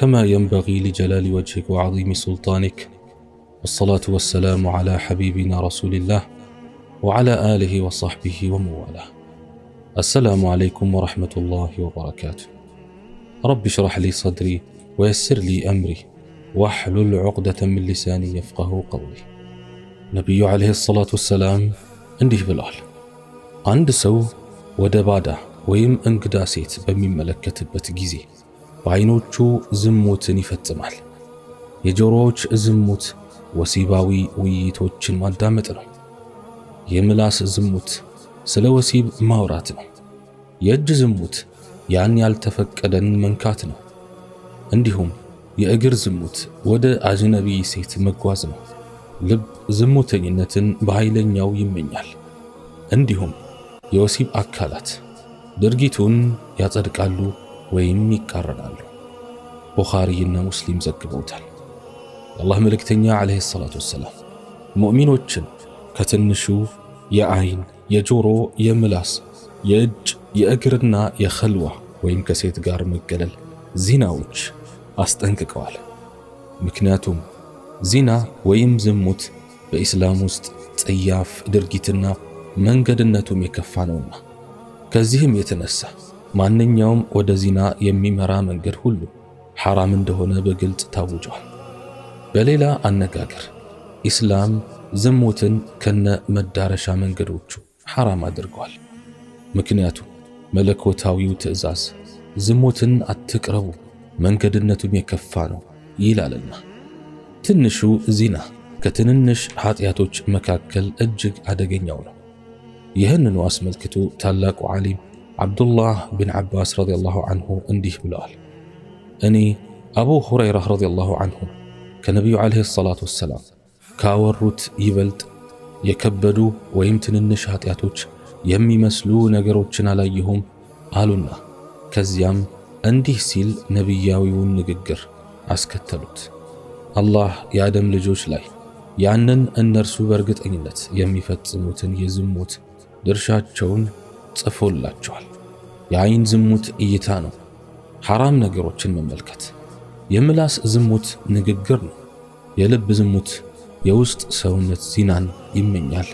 كما ينبغي لجلال وجهك وعظيم سلطانك والصلاة والسلام على حبيبنا رسول الله وعلى آله وصحبه ومواله السلام عليكم ورحمة الله وبركاته رب اشرح لي صدري ويسر لي أمري واحلل عقدة من لساني يفقه قولي نبي عليه الصلاة والسلام እንዲህ بالأهل عند سو ودبادة ويم ወይም እንግዳ ሴት በሚመለከትበት በዓይኖቹ ዝሙትን ይፈጽማል። የጆሮዎች ዝሙት ወሲባዊ ውይይቶችን ማዳመጥ ነው። የምላስ ዝሙት ስለ ወሲብ ማውራት ነው። የእጅ ዝሙት ያን ያልተፈቀደን መንካት ነው። እንዲሁም የእግር ዝሙት ወደ አጅነቢ ሴት መጓዝ ነው። ልብ ዝሙተኝነትን በኃይለኛው ይመኛል። እንዲሁም የወሲብ አካላት ድርጊቱን ያጸድቃሉ ወይም ይቃረናሉ። ቡኻሪይና ሙስሊም ዘግበውታል። የአላህ መልእክተኛ ዓለይሂ ሰላቱ ወሰላም ሙእሚኖችን ከትንሹ የአይን፣ የጆሮ፣ የምላስ፣ የእጅ፣ የእግርና የኸልዋ ወይም ከሴት ጋር መገለል ዚናዎች አስጠንቅቀዋል። ምክንያቱም ዚና ወይም ዝሙት በኢስላም ውስጥ ጽያፍ ድርጊትና መንገድነቱም የከፋ ነውና ከዚህም የተነሳ ማንኛውም ወደ ዚና የሚመራ መንገድ ሁሉ ሐራም እንደሆነ በግልጽ ታውጇል። በሌላ አነጋገር ኢስላም ዝሙትን ከነ መዳረሻ መንገዶቹ ሐራም አድርጓል። ምክንያቱም መለኮታዊው ትእዛዝ ዝሙትን አትቅረቡ፣ መንገድነቱም የከፋ ነው ይላልና። ትንሹ ዚና ከትንንሽ ኃጢአቶች መካከል እጅግ አደገኛው ነው። ይህንኑ አስመልክቶ ታላቁ ዓሊም አብዱላህ ብን አባስ ረዲየላሁ አንሁ እንዲህ ብለዋል። እኔ አቡ ሁረይራ ረዲየላሁ አንሁ ከነቢዩ ዓለይሂ ሰላቱ ወሰላም ካወሩት ይበልጥ የከበዱ ወይም ትንንሽ ኃጢአቶች የሚመስሉ ነገሮችን አላየሁም አሉና ከዚያም እንዲህ ሲል ነቢያዊውን ንግግር አስከተሉት። አላህ የአደም ልጆች ላይ ያንን እነርሱ በእርግጠኝነት የሚፈጽሙትን የዝሙት ድርሻቸውን ጽፎላቸዋል። የአይን ዝሙት እይታ ነው። ሐራም ነገሮችን መመልከት። የምላስ ዝሙት ንግግር ነው። የልብ ዝሙት የውስጥ ሰውነት ዚናን ይመኛል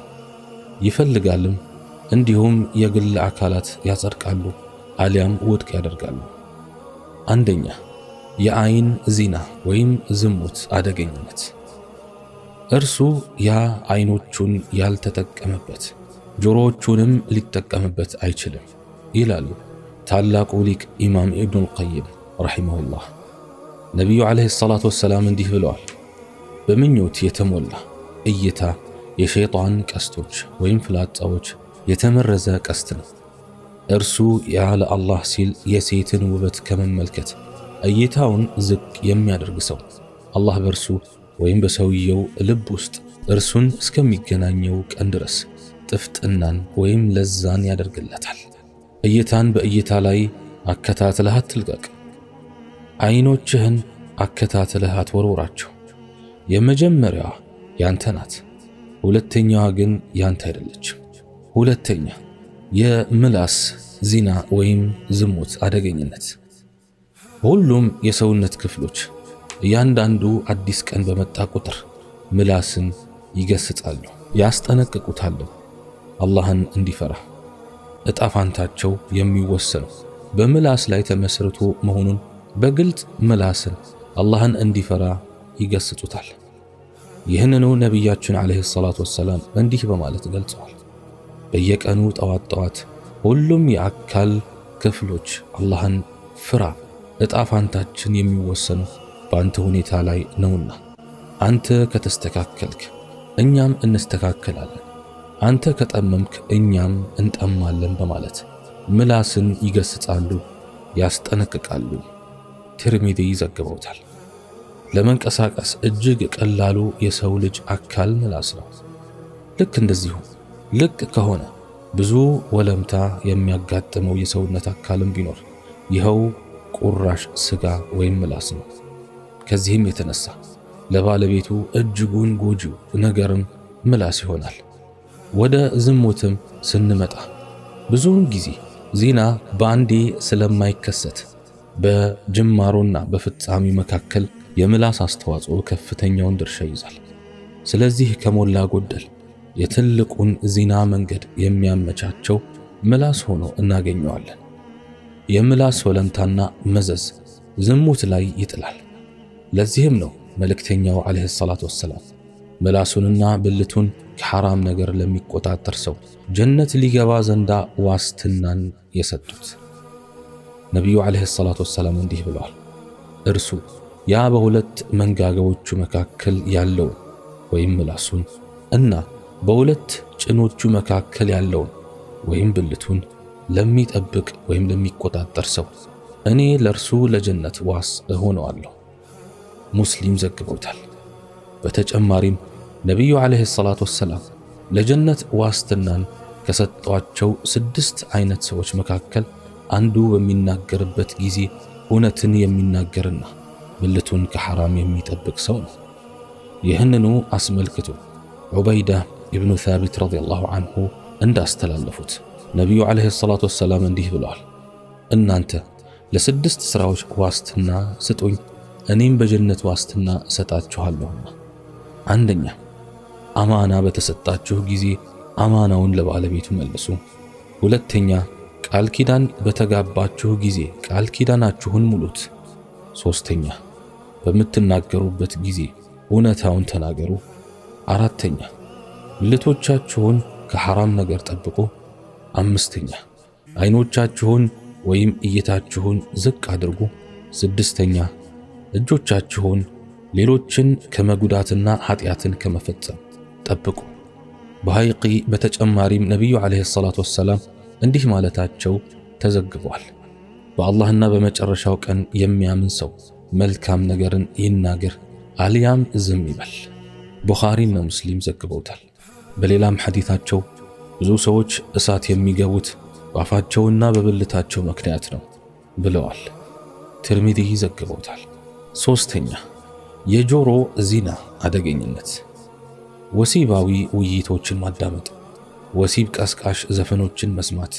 ይፈልጋልም፣ እንዲሁም የግል አካላት ያጸድቃሉ አሊያም ውድቅ ያደርጋሉ። አንደኛ የአይን ዚና ወይም ዝሙት አደገኝነት እርሱ ያ አይኖቹን ያልተጠቀመበት ጆሮዎቹንም ሊጠቀምበት አይችልም ይላሉ ታላቁ ሊቅ ኢማም ኢብኑል ቀይም ረሒመሁላህ ነቢዩ ዓለይሂ ሰላቱ ወሰላም እንዲህ ብለዋል። በምኞት የተሞላ እይታ የሸይጣን ቀስቶች ወይም ፍላጻዎች የተመረዘ ቀስት ነው። እርሱ ያለ አላህ ሲል የሴትን ውበት ከመመልከት እይታውን ዝቅ የሚያደርግ ሰው አላህ በእርሱ ወይም በሰውየው ልብ ውስጥ እርሱን እስከሚገናኘው ቀን ድረስ ጥፍጥናን ወይም ለዛን ያደርግለታል። እይታን በእይታ ላይ አከታትለህ አትልቀቅ። አይኖችህን አከታትለህ አትወርውራቸው። የመጀመሪያዋ ያንተ ናት፣ ሁለተኛዋ ግን ያንተ አይደለች። ሁለተኛ የምላስ ዚና ወይም ዝሙት አደገኝነት። ሁሉም የሰውነት ክፍሎች እያንዳንዱ አዲስ ቀን በመጣ ቁጥር ምላስን ይገስጻሉ፣ ያስጠነቅቁታል አላህን እንዲፈራ እጣፋንታቸው የሚወሰኑ የሚወሰነው በምላስ ላይ ተመስርቶ መሆኑን በግልጽ ምላስን አላህን እንዲፈራ ይገስጹታል። ይህንኑ ነቢያችን ዓለይሂ ሰላቱ ወሰላም እንዲህ በማለት ገልጸዋል። በየቀኑ ጠዋት ጠዋት ሁሉም የአካል ክፍሎች አላህን ፍራ፣ እጣፋንታችን የሚወሰኑ የሚወሰነው በአንተ ሁኔታ ላይ ነውና፣ አንተ ከተስተካከልክ እኛም እንስተካከላለን አንተ ከጠመምክ እኛም እንጠማለን በማለት ምላስን ይገስጻሉ፣ ያስጠነቅቃሉ። ትርሚዲ ይዘግበውታል። ለመንቀሳቀስ እጅግ ቀላሉ የሰው ልጅ አካል ምላስ ነው። ልክ እንደዚሁ ልቅ ከሆነ ብዙ ወለምታ የሚያጋጥመው የሰውነት አካልም ቢኖር ይኸው ቁራሽ ስጋ ወይም ምላስ ነው። ከዚህም የተነሳ ለባለቤቱ እጅጉን ጎጂው ነገርም ምላስ ይሆናል። ወደ ዝሙትም ስንመጣ ብዙውን ጊዜ ዜና በአንዴ ስለማይከሰት በጅማሮና በፍጻሜ መካከል የምላስ አስተዋጽኦ ከፍተኛውን ድርሻ ይዛል። ስለዚህ ከሞላ ጎደል የትልቁን ዜና መንገድ የሚያመቻቸው ምላስ ሆኖ እናገኘዋለን። የምላስ ወለምታና መዘዝ ዝሙት ላይ ይጥላል። ለዚህም ነው መልእክተኛው ዓለይሂ ሰላቱ ወሰላም ምላሱንና ብልቱን ሐራም ነገር ለሚቆጣጠር ሰው ጀነት ሊገባ ዘንዳ ዋስትናን የሰጡት ነቢዩ ዓለይሂ ሰላቱ ወሰላም እንዲህ ብለዋል። እርሱ ያ በሁለት መንጋጋዎቹ መካከል ያለውን ወይም ምላሱን እና በሁለት ጭኖቹ መካከል ያለውን ወይም ብልቱን ለሚጠብቅ ወይም ለሚቆጣጠር ሰው እኔ ለእርሱ ለጀነት ዋስ እሆነዋለሁ። ሙስሊም ዘግበውታል። በተጨማሪም ነቢዩ ዓለይሂ ሰላቱ ወሰላም ለጀነት ዋስትናን ከሰጧቸው ስድስት አይነት ሰዎች መካከል አንዱ በሚናገርበት ጊዜ እውነትን የሚናገርና ብልቱን ከሐራም የሚጠብቅ ሰው ነው። ይህንኑ አስመልክቶ ዑበይዳ ኢብኑ ሳቢት ረዲየላሁ አንሁ እንዳስተላለፉት ነቢዩ ዓለይሂ ሰላቱ ወሰላም እንዲህ ብለዋል፣ እናንተ ለስድስት ሥራዎች ዋስትና ስጡኝ፣ እኔም በጀነት ዋስትና እሰጣችኋለሁና። አንደኛ አማና በተሰጣችሁ ጊዜ አማናውን ለባለቤቱ መልሱ። ሁለተኛ ቃል ኪዳን በተጋባችሁ ጊዜ ቃል ኪዳናችሁን ሙሉት። ሶስተኛ በምትናገሩበት ጊዜ እውነታውን ተናገሩ። አራተኛ ልቶቻችሁን ከሐራም ነገር ጠብቁ። አምስተኛ አይኖቻችሁን ወይም እይታችሁን ዝቅ አድርጉ። ስድስተኛ እጆቻችሁን ሌሎችን ከመጉዳትና ኃጢአትን ከመፈጸም ጠብቁ። በሐይቂ በተጨማሪም ነቢዩ ዓለይሂ ሰላቱ ወሰላም እንዲህ ማለታቸው ተዘግቧል። በአላህና በመጨረሻው ቀን የሚያምን ሰው መልካም ነገርን ይናገር አልያም ዝም ይበል። ቡኻሪና ሙስሊም ዘግበውታል። በሌላም ሐዲታቸው ብዙ ሰዎች እሳት የሚገቡት በአፋቸውና በብልታቸው ምክንያት ነው ብለዋል። ትርሚዚ ዘግበውታል። ሶስተኛ የጆሮ ዚና አደገኝነት ወሲባዊ ውይይቶችን ማዳመጥ፣ ወሲብ ቀስቃሽ ዘፈኖችን መስማት፣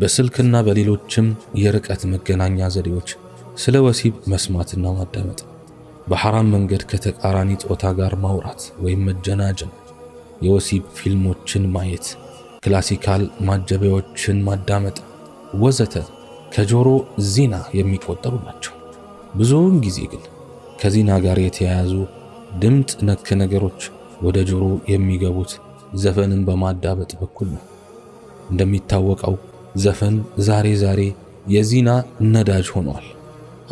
በስልክና በሌሎችም የርቀት መገናኛ ዘዴዎች ስለ ወሲብ መስማትና ማዳመጥ፣ በሐራም መንገድ ከተቃራኒ ጾታ ጋር ማውራት ወይም መጀናጀን፣ የወሲብ ፊልሞችን ማየት፣ ክላሲካል ማጀቢያዎችን ማዳመጥ ወዘተ ከጆሮ ዜና የሚቆጠሩ ናቸው። ብዙውን ጊዜ ግን ከዜና ጋር የተያያዙ ድምፅ ነክ ነገሮች ወደ ጆሮ የሚገቡት ዘፈንን በማዳበጥ በኩል ነው። እንደሚታወቀው ዘፈን ዛሬ ዛሬ የዚና ነዳጅ ሆኗል።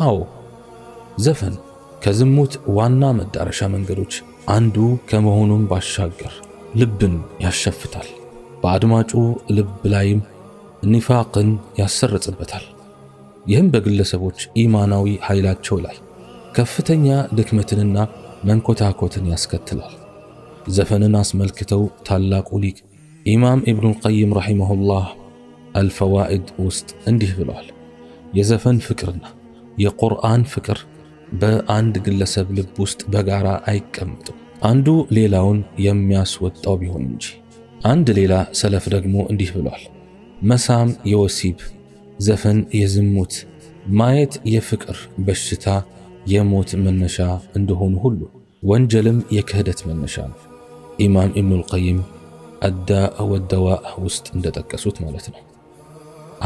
አዎ ዘፈን ከዝሙት ዋና መዳረሻ መንገዶች አንዱ ከመሆኑም ባሻገር ልብን ያሸፍታል። በአድማጩ ልብ ላይም ኒፋቅን ያሰርጽበታል። ይህም በግለሰቦች ኢማናዊ ኃይላቸው ላይ ከፍተኛ ድክመትንና መንኮታኮትን ያስከትላል። ዘፈንን አስመልክተው ታላቁ ሊቅ ኢማም ኢብኑል ቀይም ረሒመሁላህ አልፈዋኢድ ውስጥ እንዲህ ብለዋል። የዘፈን ፍቅርና የቁርአን ፍቅር በአንድ ግለሰብ ልብ ውስጥ በጋራ አይቀመጥም አንዱ ሌላውን የሚያስወጣው ቢሆን እንጂ። አንድ ሌላ ሰለፍ ደግሞ እንዲህ ብለዋል። መሳም የወሲብ ዘፈን የዝሙት ማየት የፍቅር በሽታ የሞት መነሻ እንደሆኑ ሁሉ ወንጀልም የክህደት መነሻ ነው። ኢማም ኢብኑል ቀይም አዳእ ወደዋእ ውስጥ እንደጠቀሱት ማለት ነው።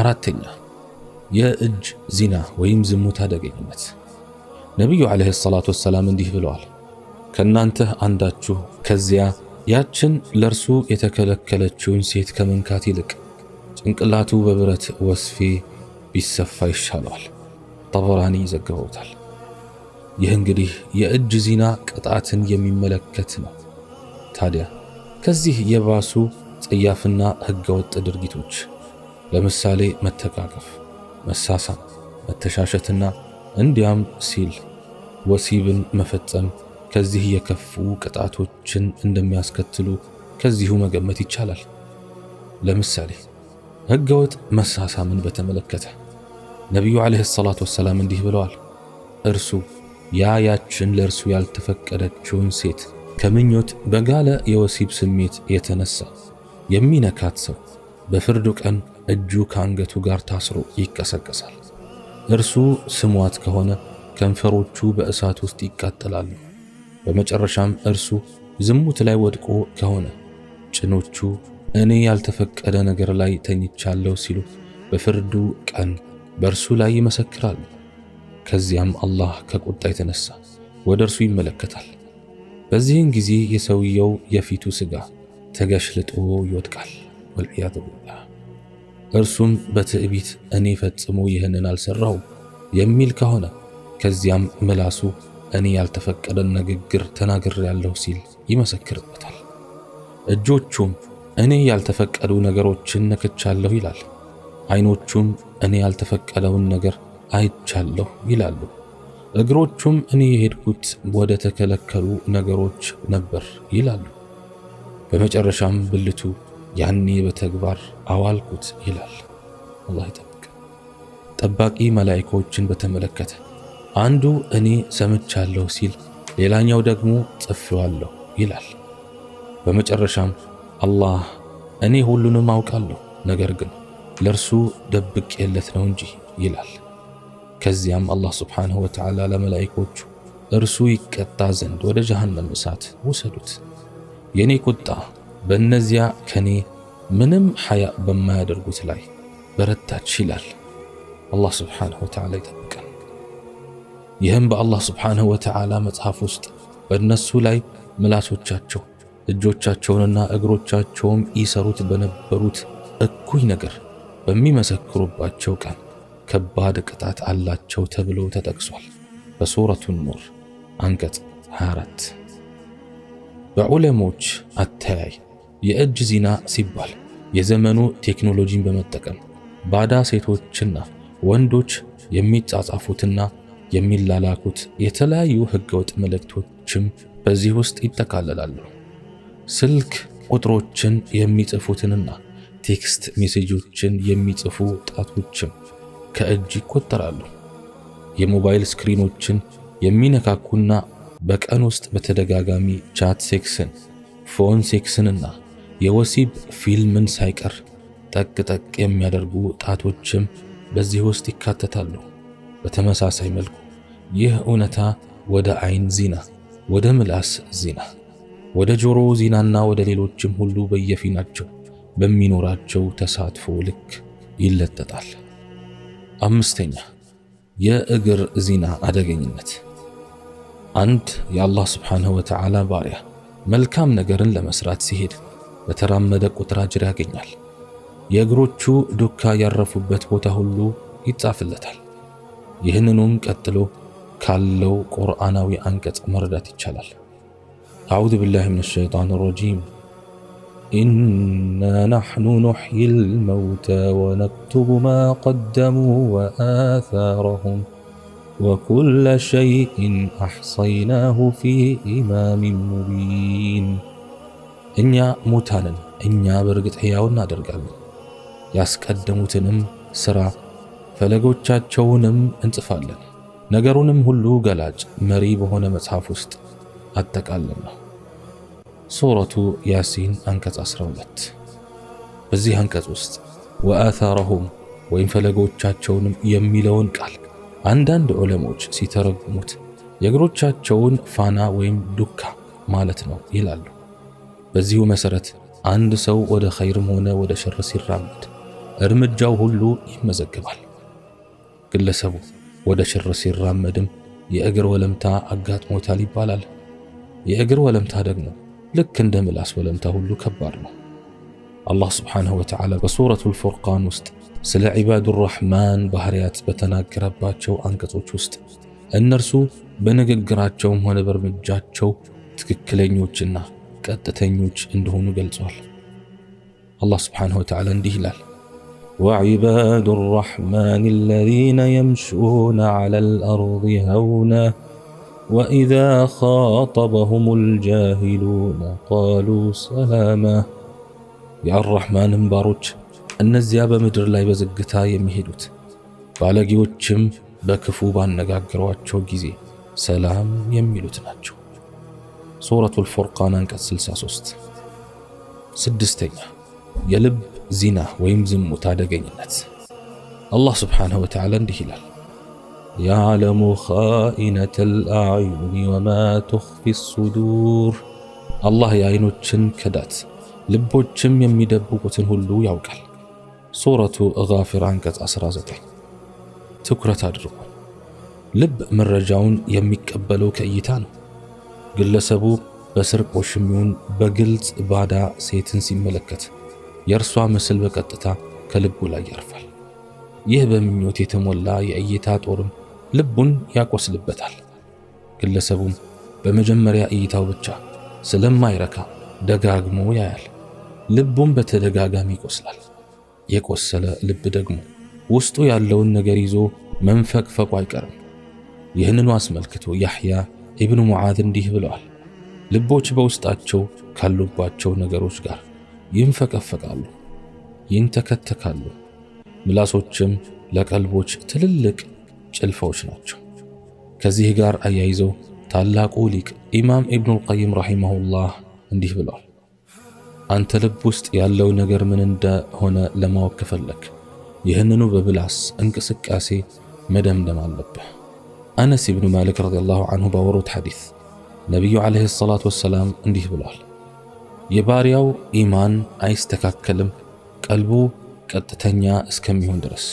አራተኛ የእጅ ዚና ወይም ዝሙት አደገኝነት። ነቢዩ ዓለይሂ ሰላቱ ወሰላም እንዲህ ብለዋል፣ ከእናንተ አንዳችሁ ከዚያ ያችን ለእርሱ የተከለከለችውን ሴት ከመንካት ይልቅ ጭንቅላቱ በብረት ወስፌ ቢሰፋ ይሻለዋል። ጠበራኒ ይዘግበውታል። ይህ እንግዲህ የእጅ ዚና ቅጣትን የሚመለከት ነው። ታዲያ ከዚህ የባሱ ጸያፍና ህገወጥ ድርጊቶች ለምሳሌ መተቃቀፍ፣ መሳሳ መተሻሸትና እንዲያም ሲል ወሲብን መፈጸም ከዚህ የከፉ ቅጣቶችን እንደሚያስከትሉ ከዚሁ መገመት ይቻላል። ለምሳሌ ህገወጥ መሳሳምን በተመለከተ ነቢዩ ዓለይሂ ሰላቱ ወሰላም እንዲህ ብለዋል፣ እርሱ ያ ያችን ለእርሱ ያልተፈቀደችውን ሴት ከምኞት በጋለ የወሲብ ስሜት የተነሳ የሚነካት ሰው በፍርዱ ቀን እጁ ከአንገቱ ጋር ታስሮ ይቀሰቀሳል። እርሱ ስሟት ከሆነ ከንፈሮቹ በእሳት ውስጥ ይቃጠላሉ። በመጨረሻም እርሱ ዝሙት ላይ ወድቆ ከሆነ ጭኖቹ እኔ ያልተፈቀደ ነገር ላይ ተኝቻለሁ ሲሉ በፍርዱ ቀን በእርሱ ላይ ይመሰክራሉ። ከዚያም አላህ ከቁጣ የተነሳ ወደ እርሱ ይመለከታል። በዚህን ጊዜ የሰውየው የፊቱ ስጋ ተገሽልጦ ይወድቃል። ወልዕያዝ ቢላህ። እርሱም በትዕቢት እኔ ፈጽሞ ይህንን አልሰራሁም የሚል ከሆነ ከዚያም ምላሱ እኔ ያልተፈቀደን ንግግር ተናግሬያለሁ ሲል ይመሰክርበታል። እጆቹም እኔ ያልተፈቀዱ ነገሮችን ነክቻለሁ ይላል። አይኖቹም እኔ ያልተፈቀደውን ነገር አይቻለሁ ይላሉ። እግሮቹም እኔ የሄድኩት ወደ ተከለከሉ ነገሮች ነበር ይላሉ። በመጨረሻም ብልቱ ያኔ በተግባር አዋልኩት ይላል። አላህ ይጠብቅ። ጠባቂ መላይኮችን በተመለከተ አንዱ እኔ ሰምቻለሁ ሲል፣ ሌላኛው ደግሞ ጽፌዋለሁ ይላል። በመጨረሻም አላህ እኔ ሁሉንም አውቃለሁ ነገር ግን ለእርሱ ደብቄለት ነው እንጂ ይላል። ከዚያም አላህ ስብሓንሁ ወተዓላ ለመላይኮቹ እርሱ ይቀጣ ዘንድ ወደ ጀሃነም እሳት ውሰዱት፣ የኔ ቁጣ በእነዚያ ከኔ ምንም ሐያ በማያደርጉት ላይ በረታች ይላል። አላህ ስብሓንሁ ወተዓላ ይጠብቀን። ይህም በአላህ ስብሓንሁ ወተዓላ መጽሐፍ ውስጥ በእነሱ ላይ ምላሶቻቸው እጆቻቸውንና እግሮቻቸውም ይሰሩት በነበሩት እኩይ ነገር በሚመሰክሩባቸው ቀን ከባድ ቅጣት አላቸው ተብሎ ተጠቅሷል በሱረቱ ኑር አንቀጽ 24። በዑለሞች አተያይ የእጅ ዚና ሲባል የዘመኑ ቴክኖሎጂን በመጠቀም ባዳ ሴቶችና ወንዶች የሚጻጻፉትና የሚላላኩት የተለያዩ ህገወጥ መልእክቶችም በዚህ ውስጥ ይጠቃለላሉ። ስልክ ቁጥሮችን የሚጽፉትንና ቴክስት ሜሴጆችን የሚጽፉ ጣቶችም ከእጅ ይቆጠራሉ። የሞባይል ስክሪኖችን የሚነካኩና በቀን ውስጥ በተደጋጋሚ ቻት ሴክስን፣ ፎን ሴክስንና የወሲብ ፊልምን ሳይቀር ጠቅ ጠቅ የሚያደርጉ ጣቶችም በዚህ ውስጥ ይካተታሉ። በተመሳሳይ መልኩ ይህ እውነታ ወደ አይን ዚና፣ ወደ ምላስ ዚና፣ ወደ ጆሮ ዚናና ወደ ሌሎችም ሁሉ በየፊናቸው በሚኖራቸው ተሳትፎ ልክ ይለጠጣል። አምስተኛ የእግር ዚና አደገኝነት። አንድ የአላህ ስብሓንሁ ወተዓላ ባሪያ መልካም ነገርን ለመስራት ሲሄድ በተራመደ ቁጥር አጅር ያገኛል። የእግሮቹ ዱካ ያረፉበት ቦታ ሁሉ ይጻፍለታል። ይህንኑም ቀጥሎ ካለው ቁርአናዊ አንቀጽ መረዳት ይቻላል። አዑዙ ቢላሂ ሚነ ሸይጣን ረጂም إنا نحن نحيي الموتى ونكتب ما قدموا وآثارهم وكل شيء أحصيناه في إمام مبين إنيا موتانا إنيا برغت حياو نادر قلب ياسكدموتنم سرا فلقو تشاتشونم انتفالن نقرونم هلو قلاج مريبهون متحافوست أتكالنه ሱረቱ ያሲን አንቀጽ 12። በዚህ አንቀጽ ውስጥ ወአታረሁም ወይም ፈለጎቻቸውንም የሚለውን ቃል አንዳንድ ዑለሞች ሲተረጉሙት የእግሮቻቸውን ፋና ወይም ዱካ ማለት ነው ይላሉ። በዚሁ መሰረት አንድ ሰው ወደ ኸይርም ሆነ ወደ ሸር ሲራመድ እርምጃው ሁሉ ይመዘግባል። ግለሰቡ ወደ ሸር ሲራመድም የእግር ወለምታ አጋጥሞታል ይባላል። የእግር ወለምታ ደግሞ ልክ እንደ ምላስ ወለምታ ሁሉ ከባድ ነው። አላህ ስብሓንሁ ወተዓላ በሱረቱል ፉርቃን ውስጥ ስለ ዒባዱ ራሕማን ባህርያት በተናገረባቸው አንቀጾች ውስጥ እነርሱ በንግግራቸውም ሆነ በእርምጃቸው ትክክለኞችና ቀጥተኞች እንደሆኑ ገልጸዋል። አላህ ስብሓንሁ ወተዓላ እንዲህ ይላል وعباد الرحمن الذين يمشون على الأرض هونا واذا خاطبهم الجاهلون قالوا ሰላማ የአራሕማን እምባሮች እነዚያ በምድር ላይ በዝግታ የሚሄዱት ባለጌዎችም በክፉ ባነጋገሯቸው ጊዜ ሰላም የሚሉት ናቸው። ሱረቱል ፉርቃን አንቀጽ 63። ስድስተኛ የልብ ዚና ወይም ዝሙት አደገኝነት። አላህ ስብሓንሁ ወተዓላ እንዲህ ይላል ያዕለሙ ኻኢነተል አዕዩኒ ወማ ቱኽፊ ሱዱር። አላህ የአይኖችን ክዳት ልቦችም የሚደብቁትን ሁሉ ያውቃል። ሱረቱ ጋፊር አንቀጽ 19። ትኩረት አድርጉ። ልብ መረጃውን የሚቀበለው ከእይታ ነው። ግለሰቡ በስርቆሽም ይሁን በግልጽ ባዳ ሴትን ሲመለከት የእርሷ ምስል በቀጥታ ከልቡ ላይ ያርፋል። ይህ በምኞት የተሞላ የእይታ ጦርም ልቡን ያቆስልበታል። ግለሰቡም በመጀመሪያ እይታው ብቻ ስለማይረካ ደጋግሞ ያያል። ልቡም በተደጋጋሚ ይቆስላል። የቆሰለ ልብ ደግሞ ውስጡ ያለውን ነገር ይዞ መንፈቅፈቁ አይቀርም። ይህንኑ አስመልክቶ ያሕያ ኢብኑ ሙዓዝ እንዲህ ብለዋል። ልቦች በውስጣቸው ካሉባቸው ነገሮች ጋር ይንፈቀፈቃሉ፣ ይንተከተካሉ። ምላሶችም ለቀልቦች ትልልቅ ጭልፋዎች ናቸው። ከዚህ ጋር አያይዘው ታላቁ ሊቅ ኢማም ኢብኑል ቀይም ረሂመሁላህ እንዲህ ብለዋል። አንተ ልብ ውስጥ ያለው ነገር ምን እንደሆነ ለማወቅ ከፈለክ ይህንኑ በብላስ እንቅስቃሴ መደምደም አለብህ። አነስ ኢብኑ ማሊክ ረዲየላሁ አንሁ ባወሩት ሐዲስ ነቢዩ ዓለይሂ ሰላቱ ወሰላም እንዲህ ብለዋል። የባሪያው ኢማን አይስተካከልም ቀልቡ ቀጥተኛ እስከሚሆን ድረስ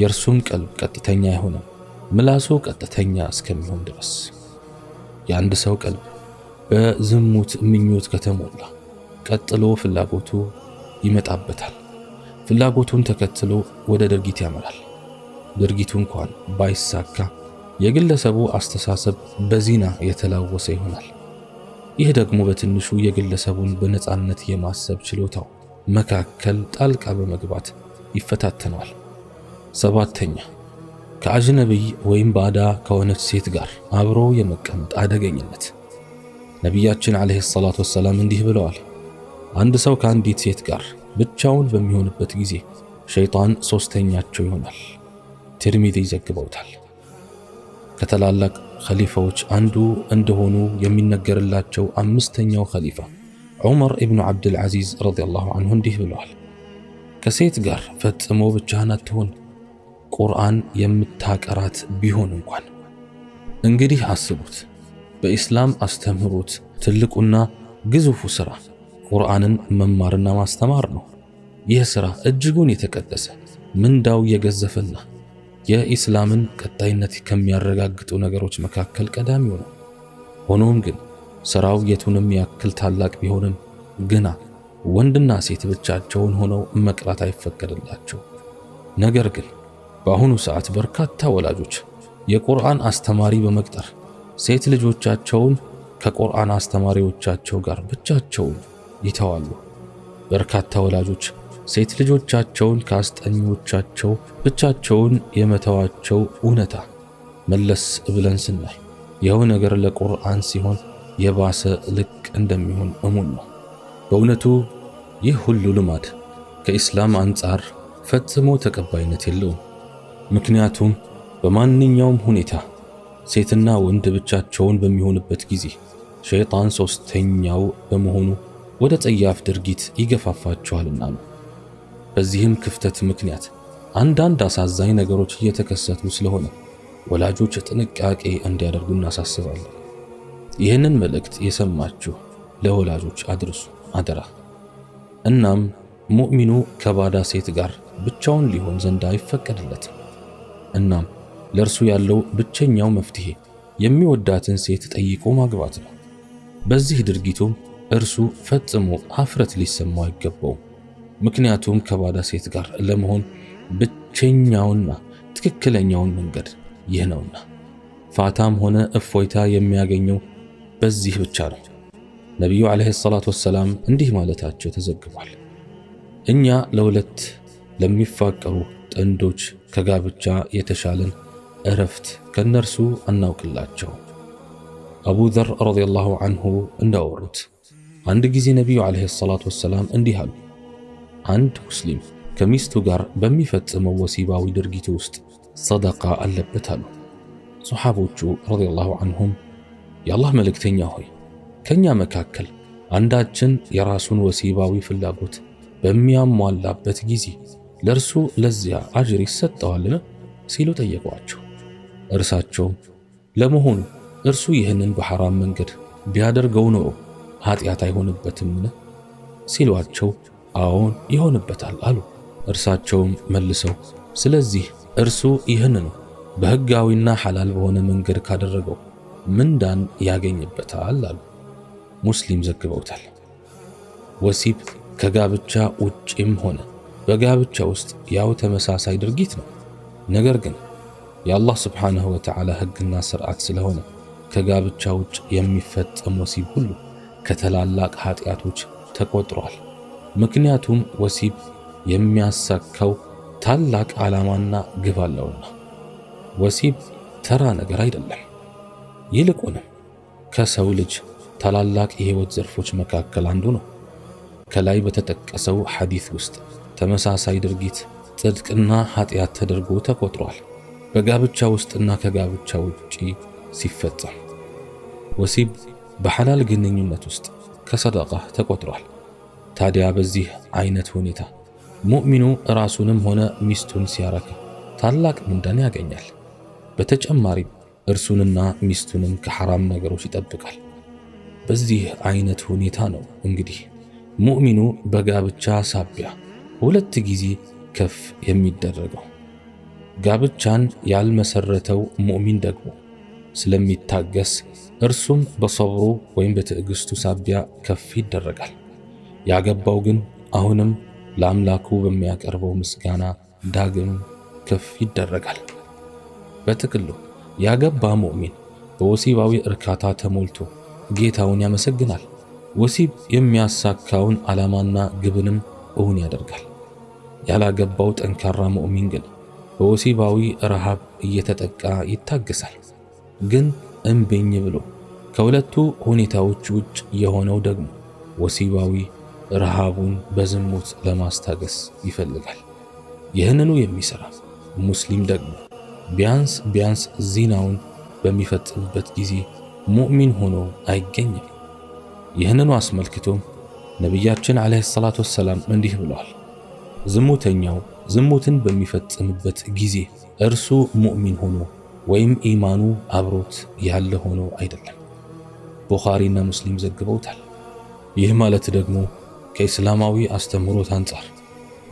የእርሱም ቀልብ ቀጥተኛ አይሆንም፣ ምላሱ ቀጥተኛ እስከሚሆን ድረስ። የአንድ ሰው ቀልብ በዝሙት ምኞት ከተሞላ ቀጥሎ ፍላጎቱ ይመጣበታል። ፍላጎቱን ተከትሎ ወደ ድርጊት ያመራል። ድርጊቱ እንኳን ባይሳካ የግለሰቡ አስተሳሰብ በዚና የተላወሰ ይሆናል። ይህ ደግሞ በትንሹ የግለሰቡን በነፃነት የማሰብ ችሎታው መካከል ጣልቃ በመግባት ይፈታተነዋል። ሰባተኛ ከአጅነቢይ ወይም ባዳ ከሆነች ሴት ጋር አብሮ የመቀመጥ አደገኝነት። ነቢያችን ዓለይሂ ሰላቱ ወሰላም እንዲህ ብለዋል፣ አንድ ሰው ከአንዲት ሴት ጋር ብቻውን በሚሆንበት ጊዜ ሸይጣን ሦስተኛቸው ይሆናል። ትርሚዚ ይዘግበውታል። ከታላላቅ ኸሊፋዎች አንዱ እንደሆኑ የሚነገርላቸው አምስተኛው ኸሊፋ ዑመር ኢብኑ ዓብድልዓዚዝ ረዲየላሁ አንሁ እንዲህ ብለዋል፣ ከሴት ጋር ፈጽሞ ብቻህን አትሆን ቁርአን የምታቀራት ቢሆን እንኳን። እንግዲህ አስቡት በኢስላም አስተምህሮት ትልቁና ግዙፉ ሥራ ቁርአንን መማርና ማስተማር ነው። ይህ ሥራ እጅጉን የተቀደሰ ምንዳው የገዘፈና የኢስላምን ቀጣይነት ከሚያረጋግጡ ነገሮች መካከል ቀዳሚው ነው። ሆኖም ግን ሥራው የቱንም ያክል ታላቅ ቢሆንም ግና ወንድና ሴት ብቻቸውን ሆነው መቅራት አይፈቀድላቸው። ነገር ግን በአሁኑ ሰዓት በርካታ ወላጆች የቁርአን አስተማሪ በመቅጠር ሴት ልጆቻቸውን ከቁርአን አስተማሪዎቻቸው ጋር ብቻቸውን ይተዋሉ። በርካታ ወላጆች ሴት ልጆቻቸውን ከአስጠኚዎቻቸው ብቻቸውን የመተዋቸው እውነታ መለስ ብለን ስናይ ይኸው ነገር ለቁርአን ሲሆን የባሰ ልቅ እንደሚሆን እሙን ነው። በእውነቱ ይህ ሁሉ ልማድ ከኢስላም አንጻር ፈጽሞ ተቀባይነት የለውም። ምክንያቱም በማንኛውም ሁኔታ ሴትና ወንድ ብቻቸውን በሚሆንበት ጊዜ ሸይጣን ሶስተኛው በመሆኑ ወደ ጸያፍ ድርጊት ይገፋፋቸዋልና ነው። በዚህም ክፍተት ምክንያት አንዳንድ አሳዛኝ ነገሮች እየተከሰቱ ስለሆነ ወላጆች ጥንቃቄ እንዲያደርጉ እናሳስባለን። ይህንን መልእክት የሰማችሁ ለወላጆች አድርሱ አደራ። እናም ሙእሚኑ ከባዳ ሴት ጋር ብቻውን ሊሆን ዘንድ አይፈቀድለትም። እናም ለእርሱ ያለው ብቸኛው መፍትሄ የሚወዳትን ሴት ጠይቆ ማግባት ነው። በዚህ ድርጊቱም እርሱ ፈጽሞ አፍረት ሊሰማው አይገባውም። ምክንያቱም ከባዳ ሴት ጋር ለመሆን ብቸኛውና ትክክለኛውን መንገድ ይህ ነውና፣ ፋታም ሆነ እፎይታ የሚያገኘው በዚህ ብቻ ነው። ነቢዩ ዓለይሂ ሰላቱ ወሰላም እንዲህ ማለታቸው ተዘግቧል። እኛ ለሁለት ለሚፋቀሩ ጥንዶች ከጋብቻ የተሻለን እረፍት ከነርሱ አናውቅላቸው። አቡ ዘር ረዲየላሁ አንሁ እንዳወሩት አንድ ጊዜ ነቢዩ ዓለይሂ ሰላቱ ወሰላም እንዲህ አሉ። አንድ ሙስሊም ከሚስቱ ጋር በሚፈጽመው ወሲባዊ ድርጊት ውስጥ ሰደቃ አለበት አሉ። ሶሓቦቹ ረዲየላሁ አንሁም የአላህ መልእክተኛ ሆይ ከእኛ መካከል አንዳችን የራሱን ወሲባዊ ፍላጎት በሚያሟላበት ጊዜ ለእርሱ ለዚያ አጅር ይሰጠዋልን ሲሉ ጠየቋቸው። እርሳቸውም ለመሆኑ እርሱ ይህንን በሐራም መንገድ ቢያደርገው ኖሮ ኃጢአት አይሆንበትምን ሲሏቸው፣ አዎን ይሆንበታል አሉ። እርሳቸውም መልሰው ስለዚህ እርሱ ይህንን በሕጋዊና ሐላል በሆነ መንገድ ካደረገው ምንዳን ያገኝበታል አሉ። ሙስሊም ዘግበውታል። ወሲብ ከጋብቻ ውጪም ሆነ በጋብቻ ውስጥ ያው ተመሳሳይ ድርጊት ነው። ነገር ግን የአላህ ስብሓንሁ ወተዓላ ሕግና ስርዓት ስለሆነ ከጋብቻ ውጭ የሚፈጸም ወሲብ ሁሉ ከትላላቅ ኃጢአቶች ተቆጥሯል። ምክንያቱም ወሲብ የሚያሳካው ታላቅ ዓላማና ግብ አለውና። ወሲብ ተራ ነገር አይደለም። ይልቁንም ከሰው ልጅ ታላላቅ የሕይወት ዘርፎች መካከል አንዱ ነው። ከላይ በተጠቀሰው ሐዲት ውስጥ ተመሳሳይ ድርጊት ጽድቅና ኃጢአት ተደርጎ ተቆጥሯል፣ በጋብቻ ውስጥና ከጋብቻ ውጪ ሲፈጸም። ወሲብ በሐላል ግንኙነት ውስጥ ከሰደቃ ተቆጥሯል። ታዲያ በዚህ አይነት ሁኔታ ሙእሚኑ ራሱንም ሆነ ሚስቱን ሲያረካ ታላቅ ምንዳን ያገኛል። በተጨማሪም እርሱንና ሚስቱንም ከሐራም ነገሮች ይጠብቃል። በዚህ አይነት ሁኔታ ነው እንግዲህ ሙእሚኑ በጋብቻ ሳቢያ ሁለት ጊዜ ከፍ የሚደረገው። ጋብቻን ያልመሰረተው ሙእሚን ደግሞ ስለሚታገስ እርሱም በሰብሩ ወይም በትዕግስቱ ሳቢያ ከፍ ይደረጋል። ያገባው ግን አሁንም ለአምላኩ በሚያቀርበው ምስጋና ዳግም ከፍ ይደረጋል። በጥቅሉ ያገባ ሙእሚን በወሲባዊ እርካታ ተሞልቶ ጌታውን ያመሰግናል። ወሲብ የሚያሳካውን ዓላማና ግብንም እውን ያደርጋል። ያላገባው ጠንካራ ሙእሚን ግን በወሲባዊ ረሃብ እየተጠቃ ይታገሳል። ግን እምቢኝ ብሎ ከሁለቱ ሁኔታዎች ውጭ የሆነው ደግሞ ወሲባዊ ረሃቡን በዝሙት ለማስታገስ ይፈልጋል። ይህንኑ የሚሰራ ሙስሊም ደግሞ ቢያንስ ቢያንስ ዚናውን በሚፈጽምበት ጊዜ ሙእሚን ሆኖ አይገኝም። ይህንኑ አስመልክቶም ነቢያችን ዓለይሂ ሰላቱ ወሰላም እንዲህ ብለዋል፣ ዝሙተኛው ዝሙትን በሚፈጽምበት ጊዜ እርሱ ሙእሚን ሆኖ ወይም ኢማኑ አብሮት ያለ ሆኖ አይደለም። ቡኻሪና ሙስሊም ዘግበውታል። ይህ ማለት ደግሞ ከእስላማዊ አስተምህሮት አንጻር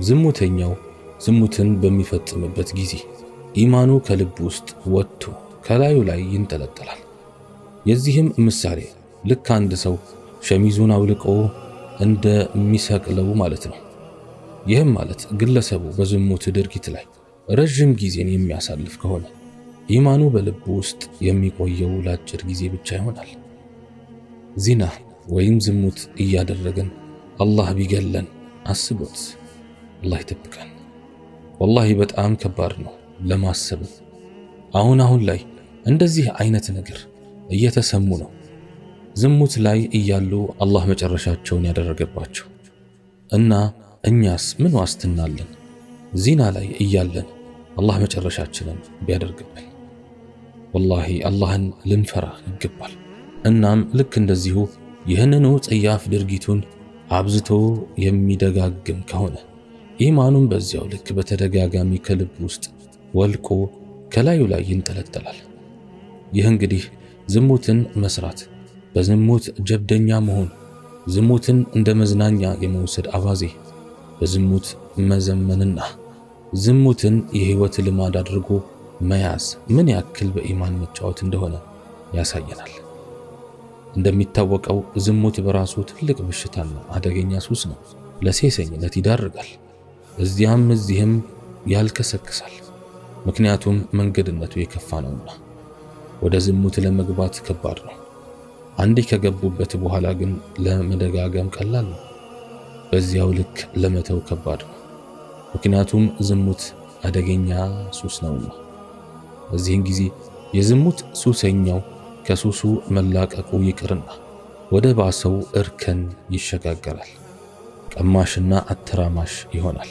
ዝሙተኛው ዝሙትን በሚፈጽምበት ጊዜ ኢማኑ ከልብ ውስጥ ወጥቶ ከላዩ ላይ ይንጠለጠላል። የዚህም ምሳሌ ልክ አንድ ሰው ሸሚዙን አውልቆ እንደሚሰቅለው ማለት ነው። ይህም ማለት ግለሰቡ በዝሙት ድርጊት ላይ ረዥም ጊዜን የሚያሳልፍ ከሆነ ኢማኑ በልብ ውስጥ የሚቆየው ለአጭር ጊዜ ብቻ ይሆናል። ዚና ወይም ዝሙት እያደረግን አላህ ቢገለን አስቦት፣ አላህ ይጠብቀን። ወላሂ በጣም ከባድ ነው ለማሰብ። አሁን አሁን ላይ እንደዚህ አይነት ነገር እየተሰሙ ነው። ዝሙት ላይ እያሉ አላህ መጨረሻቸውን ያደረገባቸው እና እኛስ ምን ዋስትና አለን? ዚና ላይ እያለን አላህ መጨረሻችንን ቢያደርግብን ወላሂ አላህን ልንፈራ ይገባል። እናም ልክ እንደዚሁ ይህንኑ ጸያፍ ድርጊቱን አብዝቶ የሚደጋግም ከሆነ ኢማኑም በዚያው ልክ በተደጋጋሚ ከልብ ውስጥ ወልቆ ከላዩ ላይ ይንጠለጠላል። ይህ እንግዲህ ዝሙትን መስራት በዝሙት ጀብደኛ መሆን፣ ዝሙትን እንደ መዝናኛ የመውሰድ አባዜ፣ በዝሙት መዘመንና ዝሙትን የህይወት ልማድ አድርጎ መያዝ ምን ያክል በኢማን መጫወት እንደሆነ ያሳየናል። እንደሚታወቀው ዝሙት በራሱ ትልቅ በሽታና አደገኛ ሱስ ነው። ለሴሰኝነት ይዳርጋል። እዚያም እዚህም ያልከሰክሳል። ምክንያቱም መንገድነቱ የከፋ ነውና፣ ወደ ዝሙት ለመግባት ከባድ ነው። አንዴ ከገቡበት በኋላ ግን ለመደጋገም ቀላል ነው፣ በዚያው ልክ ለመተው ከባድ ነው። ምክንያቱም ዝሙት አደገኛ ሱስ ነውና። በዚህን ጊዜ የዝሙት ሱሰኛው ከሱሱ መላቀቁ ይቅርና ወደ ባሰው እርከን ይሸጋገራል። ቀማሽና አተራማሽ ይሆናል።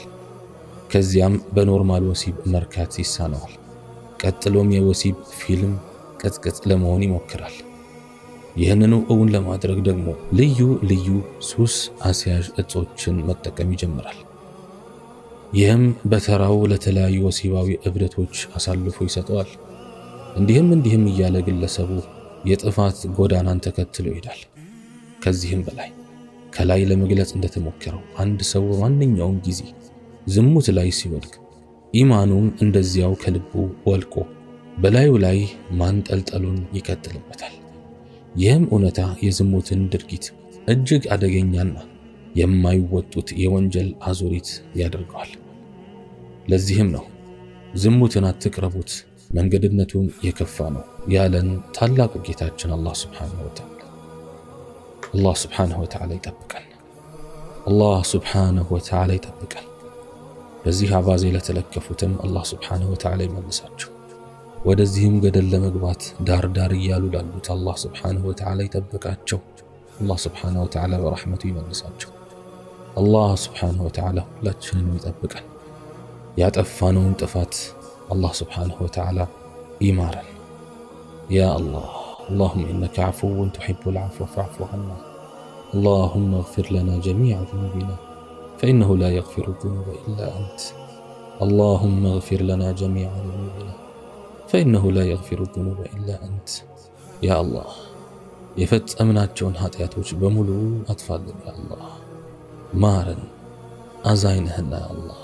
ከዚያም በኖርማል ወሲብ መርካት ይሳነዋል። ቀጥሎም የወሲብ ፊልም ቅጥቅጥ ለመሆን ይሞክራል። ይህንኑ እውን ለማድረግ ደግሞ ልዩ ልዩ ሱስ አስያዥ እጾችን መጠቀም ይጀምራል። ይህም በተራው ለተለያዩ ወሲባዊ እብደቶች አሳልፎ ይሰጠዋል። እንዲህም እንዲህም እያለ ግለሰቡ የጥፋት ጎዳናን ተከትሎ ይሄዳል። ከዚህም በላይ ከላይ ለመግለጽ እንደተሞከረው አንድ ሰው በማንኛውም ጊዜ ዝሙት ላይ ሲወድቅ ኢማኑም እንደዚያው ከልቡ ወልቆ በላዩ ላይ ማንጠልጠሉን ይቀጥልበታል። ይህም እውነታ የዝሙትን ድርጊት እጅግ አደገኛና የማይወጡት የወንጀል አዙሪት ያደርገዋል። ለዚህም ነው ዝሙትን አትቅረቡት መንገድነቱም የከፋ ነው ያለን ታላቁ ጌታችን አላህ ስብሓነሁ ወተዓላ። አላህ ስብሓነሁ ወተዓላ ይጠብቀን። አላህ ስብሓነሁ ወተዓላ ይጠብቀን። በዚህ አባዜ ለተለከፉትም አላህ ስብሓነሁ ወተዓላ ይመልሳቸው። ወደዚህም ገደል ለመግባት ዳር ዳር እያሉ ላሉት አላህ ስብሓንሁ ወተዓላ ይጠብቃቸው። አላህ ስብሓንሁ ወተዓላ በረሕመቱ ይመልሳቸው። አላህ ስብሓንሁ ወተዓላ ሁላችንንም ይጠብቃል። ያጠፋነውን ጥፋት አላህ ስብሓንሁ ወተዓላ ይማረን። ያ አላህ አላሁመ ኢነከ ዓፉውን ቱሒቡል ዓፍወ ፈዕፉ ዐና አላሁመ እግፊር ለና ጀሚዐ ዙኑቢና ፈኢነሁ ላ የግፊሩ ዙኑበ ኢላ አንት አላሁመ እግፊር ለና ጀሚዐ ዙኑቢና فإنه لا يغفر الذنوب إلا أنت يا الله يفت بملو أطفال የፈጸምናቸውን ኃጢአቶች በሙሉ አጥፋልን ያአላህ الله አዛይነህና ያአላህ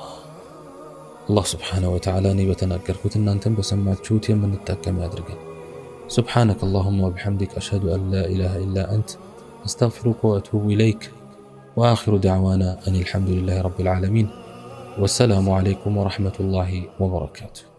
አላህ ስብሓነሁ ወተዓላ أنتم بسمات እናንተም በሰማችሁት የምንጠቀም ያድርገን سبحانك اللهم وبحمدك أشهد أن لا إله إلا أنت أستغفرك وأتوب إليك وآخر دعوانا أن الحمد لله رب العالمين والسلام عليكم ورحمة الله وبركاته